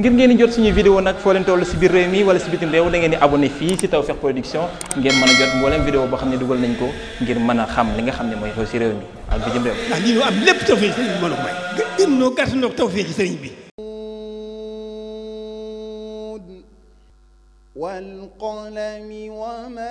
ngir ngeen di jot suñuy vidéo nag foo leen si biir réew mi wala si bitim réew da ngeen di abonné fii si Tawfekh Production ngeen mën a jot mboolem vidéo boo xam ne dugal nañ ko ngir mën a xam li nga xam ne mooy xew si réew mi ak bitim réew. ndax lii ñu am lépp a ko may. gën sëriñ bi. wal qalami wa ma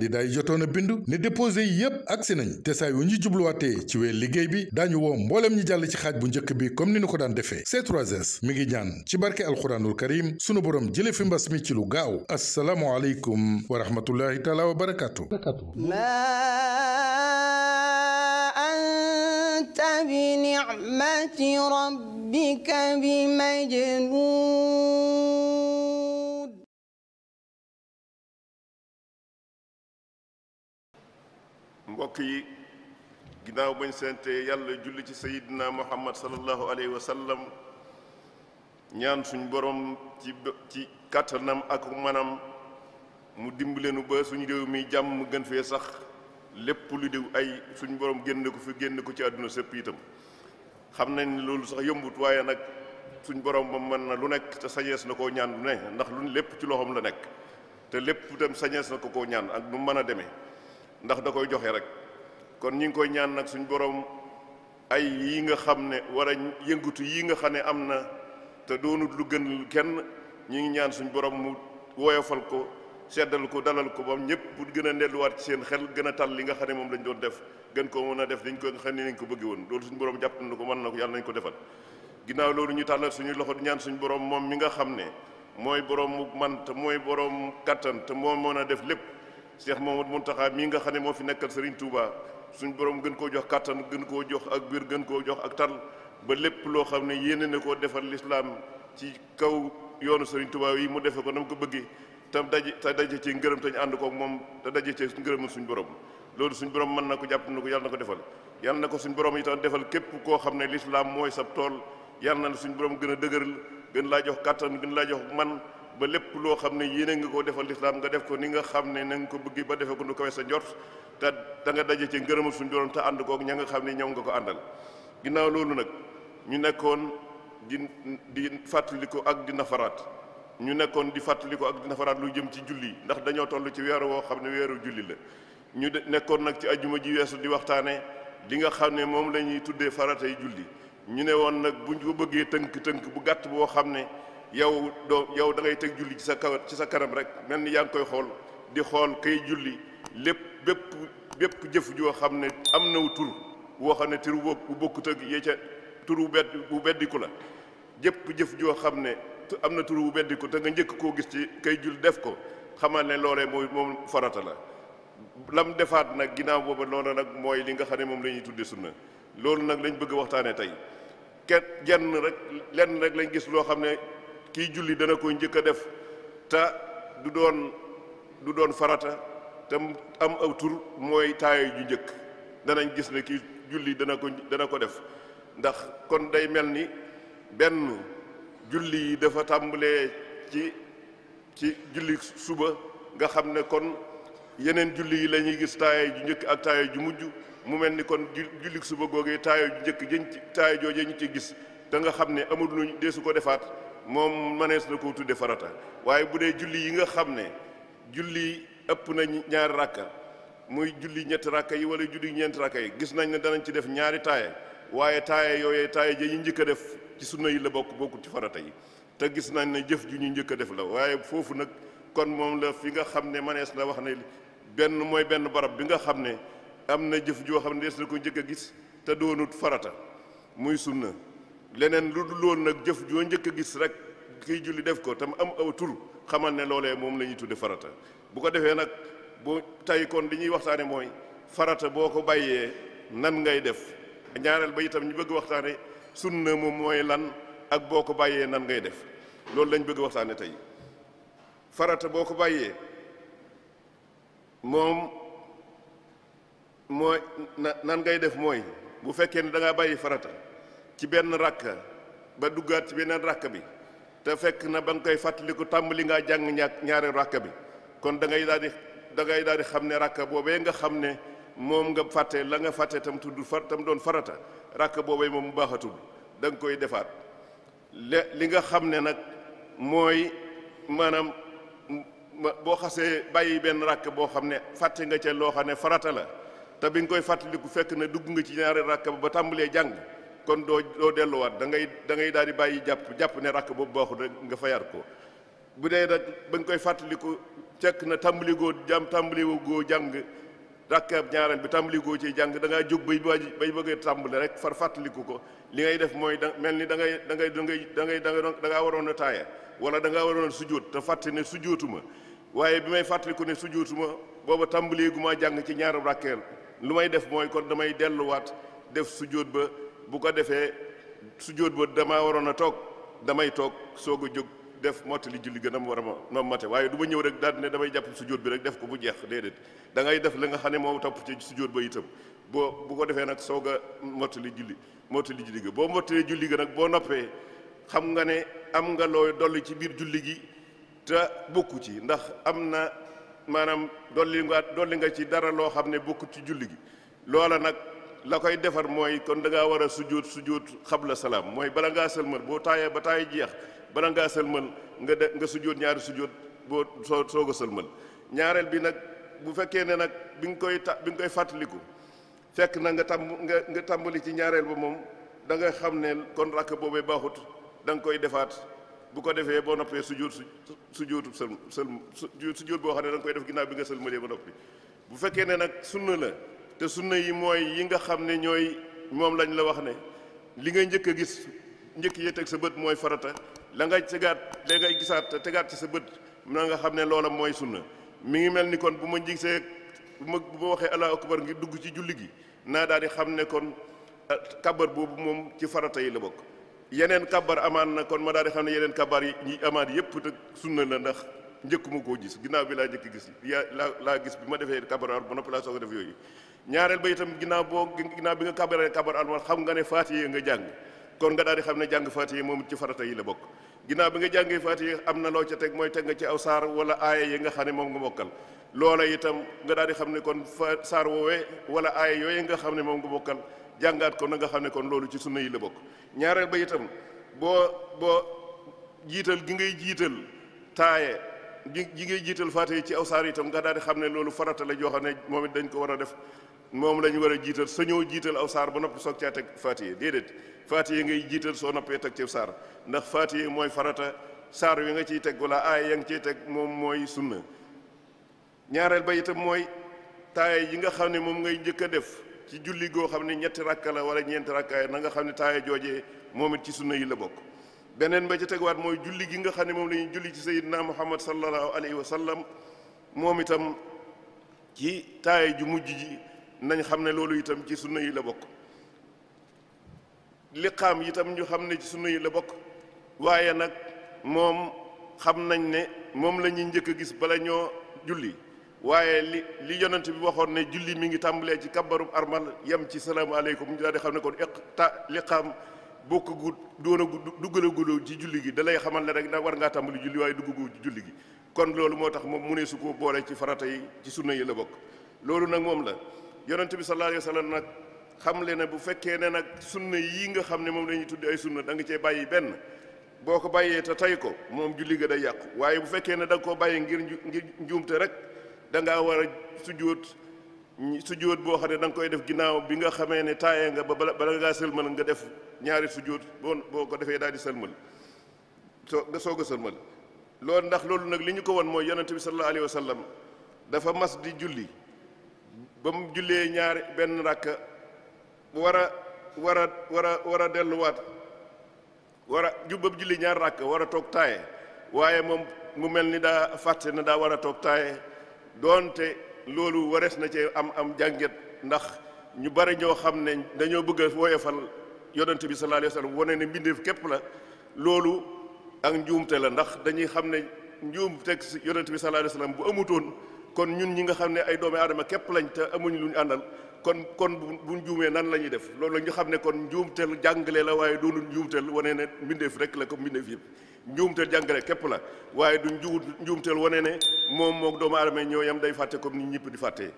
candidat yi jotoon a bindu ne déposé yi yépp agsi nañ te saa yu ñu jubluwaatee ci weer liggéey bi daañu woo mbooleem ñi jàll ci xaaj bu njëkk bi comme ni ñu ko daan defee c mi ngi ñaan ci barke alxuraanul karim sunu borom jële fi mbas mi ci lu gaaw assalaamu aleykum wa rahmatullahi taala wa barakaatu anta bi ni'mati rabbika mbokk yi ginnaaw bañ sante yàlla julli ci sayidina muhammad sallallahu alayhi wa sallam ñaan suñ borom ci kàttanam ak manam mu dimb dimbalenu ba suñu réew mi jàmm gën fee sax lépp lu diw ay suñ borom génn ko fi génn ko ci àdduna sépp itam xam nañ ne loolu sax yombut waaye nag suñ borom moom mën na lu nekk te sañees na koo ñaan lu ne ndax lu lépp ci loxoom la nekk te lépp itam sañees na ko koo ñaan ak nu mën a demee ndax da koy joxe rek kon ñi ngi koy ñaan nag suñu borom ay yi nga xam ne wala yëngatu yi nga xam ne am na te doonut lu gën kenn ñi ngi ñaan suñu borom mu woyofal ko seddal ko dalal ko bam ñëpp pour gën a delluwaat ci seen xel gën a tal li nga xam ne moom lañ doon def gën koo mën a def dañ ko nga xam ne nañ bëgg woon loolu suñu borom jàpp na ko mën na ko yàlla nañ ko defal ginnaaw loolu ñu tàllal suñu loxo di ñaan suñu borom moom mi nga xam ne mooy borom mu man mooy borom kattan te moo mën a def lépp Cheikh Mouhamadou taxaa mii nga xam ne moo fi nekkal Serigne Touba suñ borom gën koo jox kattan gën koo jox ak biir gën koo jox ak tal ba lépp loo xam ne yéene ne koo defal lislaam ci kaw yoonu Serigne Touba yi mu defe ko na mu ko bëggee tam daje te daje ci ngërëm tañ ànd kook moom te daje ci ngërëm suñ borom loolu suñ borom mën na ko jàpp na ko yàlla na ko defal yàlla na ko suñ borom itam defal képp koo xam ne lislaam mooy sab tool yàlla na suñ borom gën a dëgëral gën laa jox kattan gën laa jox man ba lépp loo xam ne yéene nga koo defal lislaam nga def ko ni nga xam ne na ko bëgg ba defee ko nu kawe sa njort te da nga daje ci ngërëmal suñu borom te ànd koog ña nga xam ne ñoom nga ko àndal ginnaaw loolu nag ñu nekkoon di di fàttaliku ak di nafaraat ñu nekkoon di fàttaliku ak di lu jëm ci julli ndax dañoo toll ci weeru woo xam ne weeru julli la ñu nekkoon nag ci ajuma ji weesu di waxtaane li nga xam ne moom la ñuy tuddee faratay julli ñu ne woon nag buñ ko bëggee tënk-tënk bu gàtt boo xam ne yow doo yow da ngay teg julli ci sa kaw ci sa kanam rek mel ni yaa ngi koy xool di xool kay julli lépp bépp bépp jëf joo xam ne am naw tur woo xam ne tur bu bokkut ak yee ca tur bu bu beddiku la jëpp jëf joo xam ne am na tur wu beddiku te nga njëkk koo gis ci kay jul def ko xamal ne loolee mooy moom farata la lam defaat nag ginnaaw booba loola nag mooy li nga xam ne moom lañuy ñuy tudde sunna loolu nag lañu bëgg waxtaanee tey kenn rek lenn rek lañ gis loo xam ne kiy julli dana koy njëkk a def ta du doon du doon farata te am aw mooy taayo ju njëkk danañ gis ne kii julli dana ko dana ko def ndax kon day mel ni benn julli yi dafa tàmbalee ci ci julli suba nga xam ne kon yeneen julli yi la ñuy gis taayo ju njëkk ak taayo ju mujj mu mel ni kon julli suba googee taayo ju njëkk jën ci taayo jooje ñu ci gis te nga xam ne amul lu deesu ko defaat moom mënees na koo tudde farata waaye bu dee julli yi nga xam ne julli ëpp na ñaari rakka muy julli ñetti rakka yi wala julli ñeenti rakka yi gis nañ ne danañ ci def ñaari taaya waaye taaya yooyee taaya ja yi njëkk a def ci sunna yi la bokk bokkul ci farata yi te gis nañ ne jëf ju ñu njëkk a def la waaye foofu nag kon moom la fi nga xam ne mënees na wax ne benn mooy benn barab bi nga xam ne am na jëf joo xam ne des na ko njëkk a gis te doonut farata muy sunna leneen lu dul loolu nag jëf joo njëkk a gis rek kiy julli def ko tam am aw tur xamal ne loolee moom lañuy ñuy tudde farata bu ko defee nag bu tey kon li ñuy waxtaane mooy farata boo ko bàyyee nan ngay def ñaareel ba itam ñu bëgg waxtaane sunna moom mooy lan ak boo ko bàyyee nan ngay def loolu lañ bëgg waxtaane tey farata boo ko bàyyee moom mooy nan ngay def mooy bu fekkee ne da bàyyi farata ci benn rakk ba duggaat ci beneen rakk bi te fekk na ba nga koy fàttaliku tàmbali ngaa jàng ñaar ñaari rakk bi kon da ngay daal di da ngay daal di xam ne rakk boobee nga xam ne moom nga fàtte la nga fàtte tam tudd far tam doon farata rakk boobee moom mu baaxatul danga koy defaat le li nga xam ne nag mooy maanaam boo xasee bàyyi benn rakk boo xam ne fàtte nga ca loo xam ne farata la te bi nga koy fàttaliku fekk na dugg nga ci ñaari rakk ba tàmbalee jàng. kon doo doo delluwaat da ngay da ngay di bàyyi jàpp jàpp ne rakk boobu baaxul rek nga fayaat ko bu dee nag ba nga koy fàttaliku cekk na tàmbali goo jàm tàmbali goo jàng rakkaab bi tàmbali goo ciy jàng da ngaa jóg bay bay bëggee tàmbali rek far fàttaliku ko li ngay def mooy da mel ni da ngay da ngay da ngay da ngay dangay nga da ngaa waroon a taaya wala da ngaa waroon a sujuut te fàtte ne sujuutuma waaye bi may fàttaliku ne sujuutuma booba tàmbali gu ma jàng ci ñaari rakkeel lu may def mooy kon damay delluwaat def sujuut ba bu ko defee sujjóot ba damaa waroon a toog damay toog soog a jóg def mottali julli gën a war a ma mate waaye du ma ñëw rek daal damay jàpp sujjóot bi rek def ko bu jeex déedéet da ngay def la nga xam ne moo topp ci sujjóot ba itam boo bu ko defee nag soog a mottali julli mottali julli ga boo mottalee julli ga nag boo xam nga ne am nga looy dolli ci biir julli gi ta bokku ci ndax am na maanaam dolli nga dolli nga ci dara loo xam ne bokku ci julli gi loola nag la koy defar mooy kon da ngaa war a sujjuut sujjuut xabla salaam mooy bala ngaa sëlmal boo taayee ba taay jeex bala ngaa sëlmal nga de nga sujjuut ñaari sujjuut boo soo soog a sëlmal ñaareel bi nag bu fekkee ne nag bi nga koy ta bi nga fàttaliku fekk na nga tàmb nga nga tàmbali ci ñaareel ba moom da xam ne kon rakk boobee baaxut da nga koy defaat bu ko defee boo noppee sujjuut sujjuutu sël sël sujjuut boo xam ne da nga koy def ginnaaw bi nga sëlmalee ba noppi bu fekkee ne nag sunna la te sunna yi mooy yi nga xam ne ñooy moom lañ la wax ne li ngay njëkk a gis njëkk yi teg sa bët mooy farata la ngay tegaat la ngay gisaat tegaat ci sa bët na nga xam ne loola mooy sunna mi ngi mel ni kon bu ma gisee bu ma bu ma waxee allahu akbar ngir dugg ci julli gi naa daal di xam ne kon ah, kabar boobu moom ci farata yi la bokk yeneen kabar amaan na kon ma daal di xam ne yeneen kabar yi ñi amaan yëpp te sunna la ndax njëkkuma koo gis ginnaaw bi laa njëkk gis laa laa gis bi ma defee kabaral ba noppi laa soog a def yooyu ñaareel ba itam ginnaaw boo ginnaaw bi nga kabaral kabaral man xam nga ne faatiye nga jàng kon nga daal di ne jàng faatiye moom ci farata yi la bokk ginnaaw bi nga jàngee faatiye am na loo ca teg mooy teg nga ci aw saar wala aaya yi nga xam ne moom nga mokkal loola itam nga daal di xam ne kon fa saar woowee wala aaya yooyu nga xam ne moom nga mokkal jàngaat ko na nga xam ne kon loolu ci sunna yi bokk ñaareel ba itam boo boo jiital gi ngay jiital taaye ji gi ngay jiital faate yi ci aw saar itam nga daal di xam ne loolu farata la joo xam ne moom dañ ko war a def moom la ñu war a jiital sañoo jiital aw saar ba noppi soog caa teg faate yi déedéet faate yi ngay jiital soo noppee teg ci saar ndax faate yi mooy farata saar wi nga ciy teg wala ya nga ciy teg moom mooy sunna ñaareel ba itam mooy taaya yi nga xam ne moom ngay njëkk def ci julli goo xam ne ñetti rakka la wala ñeenti rakka na nga xam ne taaya joojee moom ci sunna yi la bokk beneen ba ci tegawaat mooy julli gi nga xam ne moom la ñuy julli ci sayidna muhammad sallallahu alayhi wa sallam moom itam ci taay ju mujj ji nañ xam ne loolu itam ci sunna yi la bokk liqaam yitam ñu xam ne ci sunna yi la bokk waaye nag moom xam nañ ne moom lañuy njëkk a gis bala ñoo julli waaye li li yonent bi waxoon ne julli mi ngi tàmbalee ci kabbarum armal yem ci salaamaaleykum ñu daal di xam ne kon iq ta liqaam bokk gu doon a duggalaguloo ci julli gi da lay xamal ne rek da war ngaa tàmbali julli waaye dugg ci julli gi kon loolu moo tax moom mu ne su ko boole ci farata yi ci sunna yi la bokk loolu nag moom la yonent bi sallallahu alayhi wa sallam nag xam le ne bu fekkee ne nag sunna yi nga xam ne moom la ñuy tuddi ay sunna da nga cee bàyyi benn boo ko bàyyee te tey ko moom julli ga day yàqu waaye bu fekkee ne da koo bàyyi ngir ngir njuumte rek da ngaa war a sujjóot sujjóot boo xam ne da koy def ginnaaw bi nga xamee ne taayee nga ba bala ngaa sëlmal nga def ñaari sujjóot boo boo ko defee daal di sëlmal soo nga soog a sëlmal loolu ndax loolu nag li ñu ko won mooy yonente bi sallallahu alayhi wa sallam dafa mas di julli ba mu jullee ñaari benn rakk war a war a war a war a delluwaat war a jubbab julli ñaar rakk war a toog taaye waaye moom mu mel ni daa fàtte na daa war a toog taaye doonte loolu warees na cee am am jànget ndax ñu bari ñoo xam ne dañoo bëgg a woyofal yonent bi sallallahu alayhi wa sallam ne mbindeef képp la loolu ak njuumte la ndax dañuy xam ne njuum teg si bi sallallahu alayhi wa sallam bu amutoon kon ñun ñi nga xam ne ay doomi aadama képp lañ te amuñ luñ àndal kon kon bu njuumee nan la ñuy def loolu la ñu xam ne kon njuumteel jàngale la waaye doonul njuumteel wane ne mbindeef rek la comme mbindeef yëpp njuumteel jàngale képp la waaye du njuut njuumteel wane ne moom moo doomu aadama ñoo yam day fàtte comme ni ñëpp di fàtte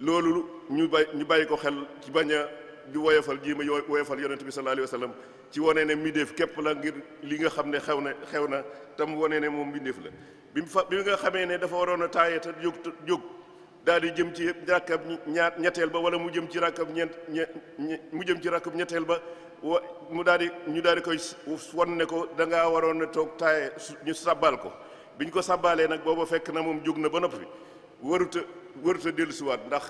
loolu ñu bay ñu bàyyi ko xel ci bañ a di woyofal jéem a woyofal yonent bi sallallahu alayhi wa sallam ci ne mbindeef képp la ngir li nga xam ne xew na xew na tam wane ne moom mbindeef la bi mu fa bi nga xamee ne dafa waroon a taaye jóg jóg daal di jëm ci rakkab ñaar ñetteel ba wala mu jëm ci rakkab ñeent mu jëm ci rakkab ñetteel ba wa mu daal di ñu daal di koy won ne ko da waroon a toog taaye ñu sabbal ko biñ ko sàbbaalee nag booba fekk na moom jóg na ba noppi waruta waruta dellusiwaat ndax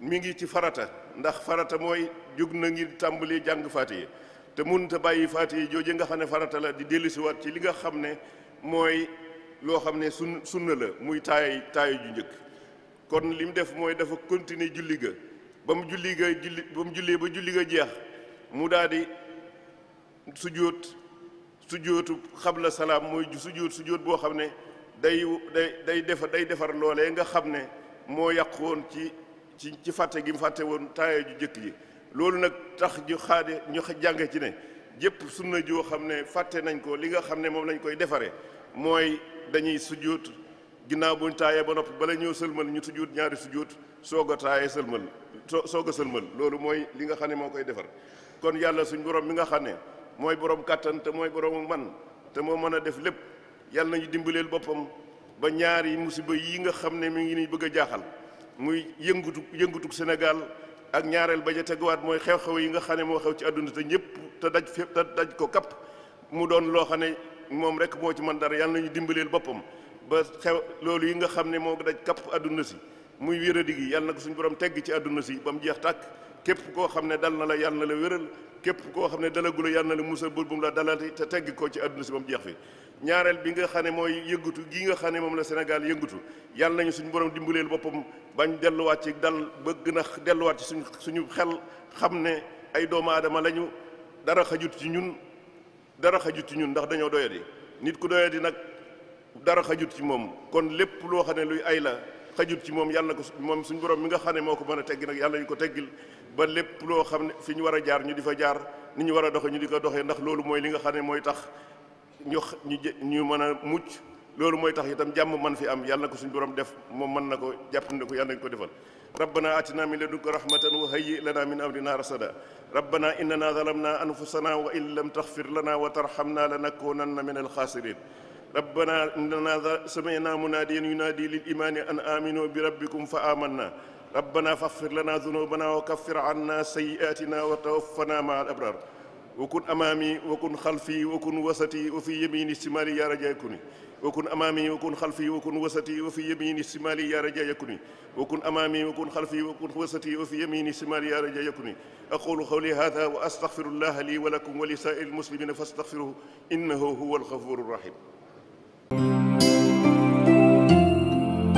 mi ngi ci farata ndax farata mooy jóg na ngi tàmbali jàng faatiye te mënut a bàyyi faatiye jooje nga xam ne farata la di dellusiwaat ci li nga xam ne mooy loo xam ne sun sunna la muy taay taay ju njëkk kon li mu def mooy dafa continuer julli ga ba mu julli ga julli ba mu julli ga jeex mu daal di sujjóot sujootu xabla salaam mooy sujoot sujoot boo xam ne day day day defar day defar loolee nga xam ne moo yàq woon ci ci ci fàtte gi mu fàtte woon taaye ju jëkk ji loolu nag tax ñu xaade ñu jànge ci ne jëpp sunna joo xam ne fàtte nañ ko li nga xam ne moom lañ koy defaree mooy dañuy sujjoot ginnaaw buñ taayee ba noppi bala ñëw sëlmal ñu sujjoot ñaari sujjoot soog a taayee sëlmal sooga a sëlmal loolu mooy li nga xam ne moo koy defar kon yàlla suñ borom mi nga xam ne mooy borom kàttan te mooy borom man te moo mën a def lépp yàlla nañu dimbaleel boppam ba ñaari musiba yi nga xam ne mi ngi ni bëgg a jaaxal muy yëngatu yëngatu Sénégal ak ñaareel ba ja teguwaat mooy xew-xew yi nga xam ne moo xew ci àdduna te ñëpp te daj fépp te daj ko kapp mu doon loo xam ne moom rek moo ci man dara yàlla nañu dimbaleel boppam ba xew loolu yi nga xam ne moo daj kapp àdduna si muy wéeradi gi yàlla na ko suñu borom tegg ci àdduna si ba mu jeex tàkk képp koo xam ne dal na la yàlla na la wéral képp koo xam ne dalagula yàlla na la musal bu mu la dalati te tegg ko ci àdduna si ba mu jeex fi ñaareel bi nga xam ne mooy yëngatu gii nga xam ne moom la Sénégal yëngatu yàlla nañu suñu borom dimbaleel boppam bañ delluwaat ci dal bëgg na delluwaat ci suñu suñu xel xam ne ay doomu aadama lañu dara xajut ci ñun dara xajut ci ñun ndax dañoo doyadi nit ku doyadi nag dara xajut ci moom kon lépp loo xam ne luy ay la xajut ci moom yàlla na ko moom suñu borom mi nga xam ne moo ko mën a tegg nag yàlla ñu ko teggil ba lépp loo xam ne fi ñu war a jaar ñu di fa jaar ni ñu war a doxee ñu di ko doxee ndax loolu mooy li nga xam ne mooy tax ñu ñu ñu mën a mucc loolu mooy tax itam jàmm man fi am yàlla na ko suñ borom def moom mën na ko jàpp ne ko yàlla nañu ko defal rabbana atina min ladunka rahmatan wa hayyi lana min amrina rasada rabbana innana zalamna anfusana wa in lam taxfir lana wa tarhamna lanakunanna min alxaasirin ربنا إننا سمعنا مناديا ينادي للإيمان أن آمنوا بربكم فآمنا ربنا فاغفر لنا ذنوبنا وكفر عنا سيئاتنا وتوفنا مع الأبرار وكن أمامي وكن خلفي وكن وسطي وفي يميني الشمالي يا رجاء كوني وكن أمامي وكن خلفي وكن وسطي وفي يميني الشمالي يا رجاء يكوني وكن أمامي وكن خلفي وكن وسطي وفي يميني الشمالي يا رجاء يكوني أقول قولي هذا وأستغفر الله لي ولكم ولسائر المسلمين فاستغفروه إنه هو الغفور الرحيم